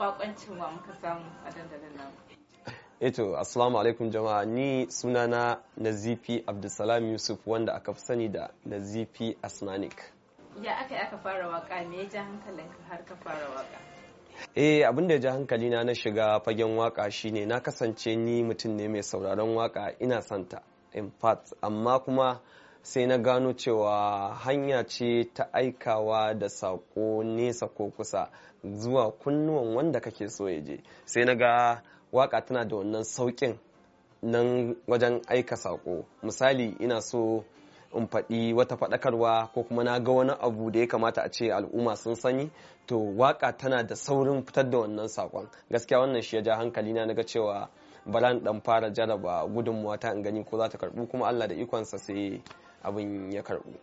bakoncin wa eto eh assalamu alaikum jama'a ni sunana nazifi abdulsalam yusuf wanda aka fi sani da nazifi Asmanik. ya aka aka fara waka me ya ja hankalinka har ka fara waka eh abin da ya ja hankali na na shiga fagen waka shine na kasance ni mutum ne mai sauraron waka ina santa in fact amma kuma sai na gano cewa hanya ce ta aikawa da sako nesa ko kusa zuwa kunnuwan wanda kake so ya je sai na ga waka tana da wannan saukin nan wajen aika sako misali ina so in faɗi wata faɗakarwa ko kuma na ga wani abu da ya kamata a ce al'umma sun sani to waka tana da saurin fitar da wannan saƙon gaskiya wannan shi ya ja hankali na ga cewa balan dan fara jaraba gudunmuwa ta in gani ko za ta karɓu kuma allah da ikonsa sai abin ya karbu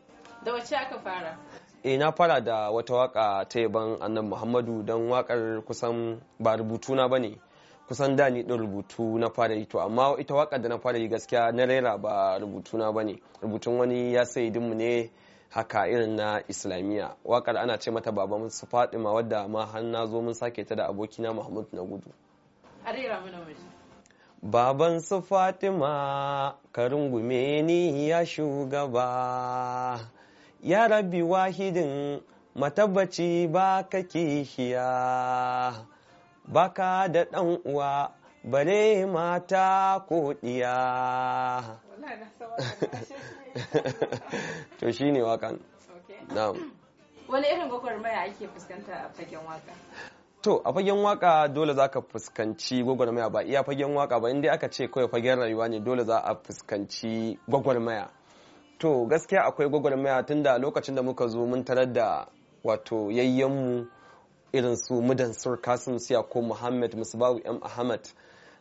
da wacce aka fara e na fara da wata waka ta yaban annan muhammadu don wakar kusan ba rubutu na bane kusan da ni din rubutu na fara yi to amma ita wakar da na fara yi gaskiya na rera ba rubutu na bane rubutun wani ya sai dinmu ne haka irin na islamiyya wakar ana ce mata baban su ma wadda ma har na zo mun sake ta da abokina muhammadu na gudu a rera mana wani. baban su fatima karin ni ya shugaba ya rabi wahidin matabbaci ba ka kishiya baka da ɗan uwa bare mata ko ɗiya to shine wakan na'am wani irin gwagwarmaya ake fuskanta a fagen waka To a fagen waka dole za ka fuskanci gwagwarmaya ba iya fagen waka ba inda aka ce kawai fagen rayuwa ne dole za a fuskanci gwagwarmaya. To gaskiya akwai gwagwarmaya tun da lokacin da muka zo mun tarar da wato yayyenmu irin su mudan sur kasim siya ko muhammad musbahu m ahmad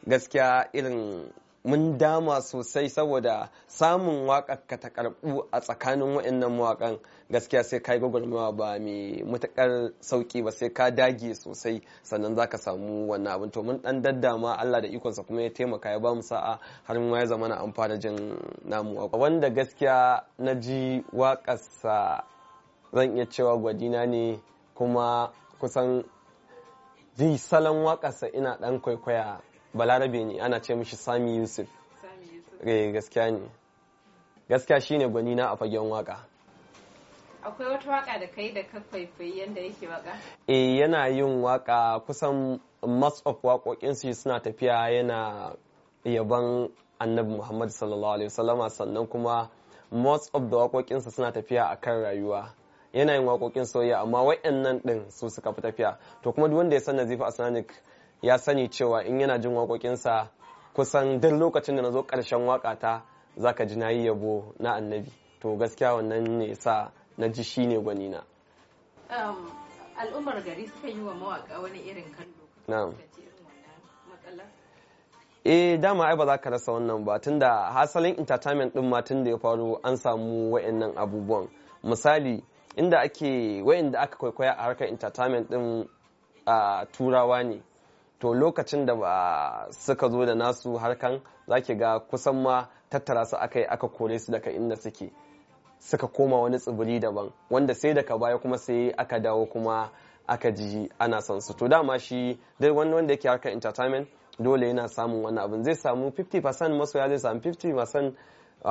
gaskiya irin mun dama sosai saboda samun waƙa ka ta karɓu a tsakanin waɗannan mawaƙan gaskiya sai ka yi gwagwarmawa ba mai matuƙar sauƙi ba sai ka dage sosai sannan za ka samu wannan abin to mun ɗan daddama Allah da ikonsa kuma ya taimaka ya ba mu sa'a har ma ya zama na amfana jin namu wanda gaskiya na ji waƙarsa zan iya cewa gwadina ne kuma kusan ji salon waƙarsa ina ɗan kwaikwaya balarabe ne ana ce mishi sami yusuf eh gaskiya ne gaskiya shine gwani na a fagen waka akwai wata waka da kai da ka kwaikwayi yadda yake waka eh yana yin waka kusan most of su suna tafiya yana yaban annabi muhammad sallallahu alaihi wasallama sannan kuma most of the su suna tafiya a kan rayuwa yana yin waƙoƙin soyayya amma waɗannan ɗin su suka fi tafiya to kuma duk wanda ya san nazifa asnanik ya sani cewa in yana jin waƙoƙinsa kusan duk lokacin da na zo ƙarshen waƙata za ka ji na yi yabo na annabi to gaskiya wannan ne sa na ji shi ne gwanina. Um, al'ummar gari suka yi wa mawaƙa wani irin kallo eh dama ai ba za ka rasa wannan ba tunda hasalin entertainment din ma tun da ya faru an samu wayannan abubuwan misali inda ake wayanda aka kwaikwaya a harkar entertainment din a turawa ne to lokacin da ba ah, suka zo da nasu harkan za ki ga kusan ma tattara su aka yi aka kore su daga inda suke suka koma wani tsibiri daban wanda sai daga baya kuma sai aka dawo kuma aka ji ana son su to dama shi dai wani wanda yake harkar entertainment dole yana samun wani abin zai samu 50% masoya zai samu 50%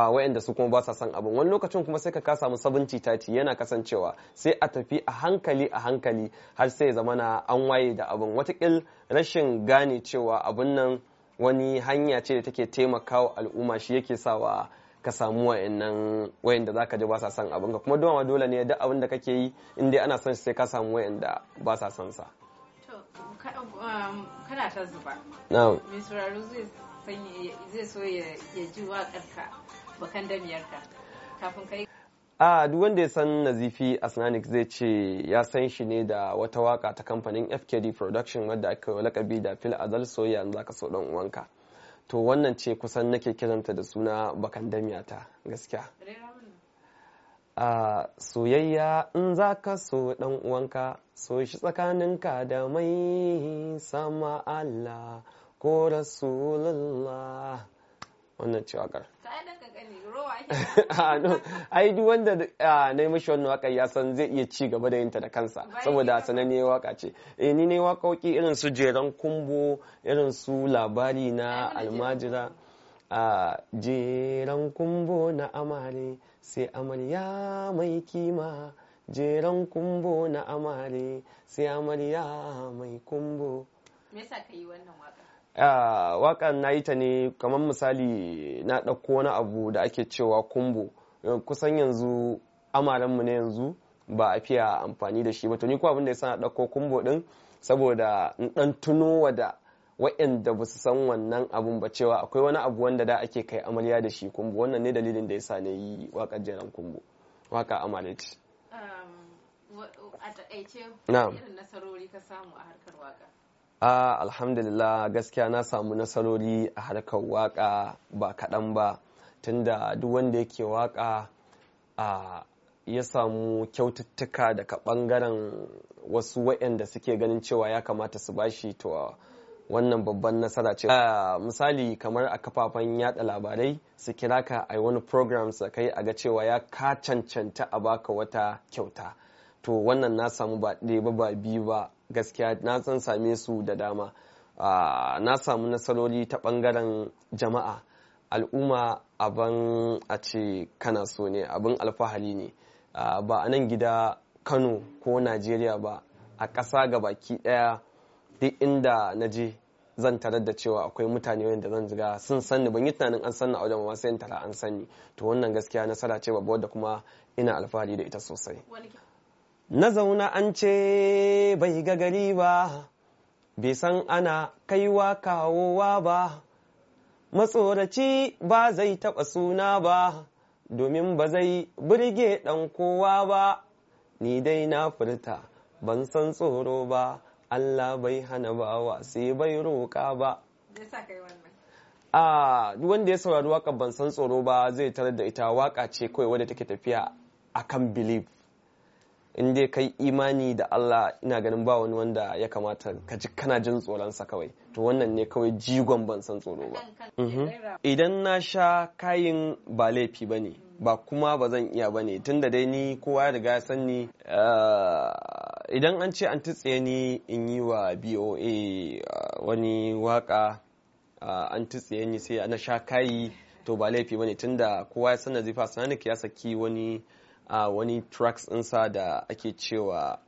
wayanda su kuma ba sa son abin wani lokacin kuma sai ka ka samu sabon titati yana kasancewa sai a tafi a hankali a hankali har sai zama na an waye da abin watakil rashin gane cewa abin nan wani hanya ce da take taimakawa al'umma shi yake sawa ka samu wayannan za ka ji ba sa son abin ka kuma dama dole ne duk abin da kake yi in dai ana son sai ka samu wayanda ba sa son sa um, kana ta zuba mai sauraro zai so ya ji waƙarka bakan damiyarka kafin kai a duk wanda ya san nazifi asnanik zai ce ya san shi ne da wata waka ta kamfanin fkd production wadda aka yi lakabi da fil azal soya yanzu aka so dan uwanka to wannan ce kusan nake kiranta da suna bakan damiyata gaskiya a soyayya in za ka so dan uwanka so shi ka da mai sama Allah ko rasulullah wannan ce wakar ah, ai duk wanda ah, na yi mashi wannan waka ya san zai iya ci gaba da yinta da kansa saboda sananne waka ce eh ni ne wakoki irin su jeran kumbo irin su labari na almajira a ah, jeran kumbo na amare sai amarya mai kima jeran kumbo na amare sai amarya mai kumbo me yasa ka yi wannan waka waƙan na yi ta ne kamar misali na ɗauko wani abu da ake cewa kumbo kusan yanzu amaranmu ne yanzu ba a fiya amfani da shi ba to ni ko abin da yasa na ɗauko kumbo ɗin saboda in ɗan tuno wada waɗanda ba su san wannan abun ba cewa akwai wani abu wanda da ake kai amarya da shi kumbo wannan ne dalilin da sa ne yi waƙar jeran kumbo waƙa ce. Um, a taƙaice irin nasarori ka samu a harkar waƙa. a alhamdulillah gaskiya na samu nasarori a harkar waka ba kaɗan ba tunda duk wanda yake waka a ya samu kyaututtuka daga ɓangaren wasu wayanda suke ganin cewa ya kamata su bashi to wannan babban nasara ce misali kamar a kafafen yada labarai su kira ka a wani program su kai a ga cewa ya ka cancanta a baka wata kyauta to wannan na samu ba ɗaya ba ba biyu ba gaskiya na san same su da dama ah, na samu nasarori ta bangaren jama'a al'umma abin a ce kana so ne abin alfahari ne ah, ba a nan gida kano ko najeriya ba a ƙasa ga baki ɗaya duk inda na je zan tarar da cewa akwai mutane wanda zan ziga sun sanni ban yi tunanin an sanni a wajen wasu sai tara an sanni to wannan gaskiya nasara ce babba da kuma ina alfahari da ita sosai na zauna an ce bai ga gari ba bai san ana kaiwa kawowa ba matsoraci ba zai taɓa suna ba domin ba zai birge ɗan kowa ba ni dai na furta ban san tsoro ba Allah bai hana bawa sai bai roƙa ba a wanda ya saurari waka ban san tsoro ba zai tarar da ita waka ce kawai wadda take tafiya akan bilif. in dai kai imani da Allah ina ganin ba wani wanda ya kamata ka ji kana jin tsoronsa kawai to wannan ne kawai jigon ban san tsoro ba mhm. idan na sha kayin ba laifi ba ne ba kuma ba zan iya ba ne tunda dai ni kowa ya riga ya san ni eh, idan an ce an tutse ni in yi wa boa eh, wani waka eh, an tutse ni sai na sha kayi to ba laifi ba ne tunda kowa ya san na zifa sananik ya saki wani a wani tracks sa da ake cewa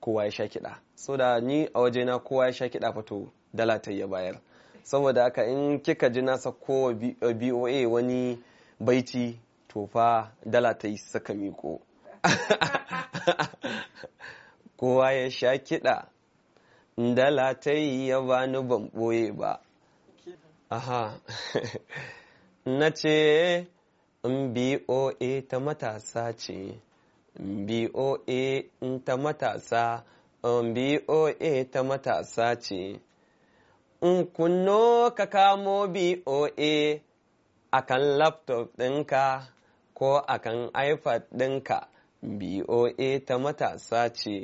kowa ya sha kiɗa so da ni a waje na kowa ya sha kiɗa fato dala ta ya bayar saboda haka in kika ji nasa ko boa eh, wani baiti to fa dala ta yi saka miko kowa ya sha kiɗa dala ta yi ya bani ban ɓoye ba aha na ce in BOA ta matasa ce, BOA in ta matasa, in BOA ta matasa ce. In kunno ka kamo BOA a kan laptop ɗinka ko a kan iPad ɗinka, BOA ta matasa ce.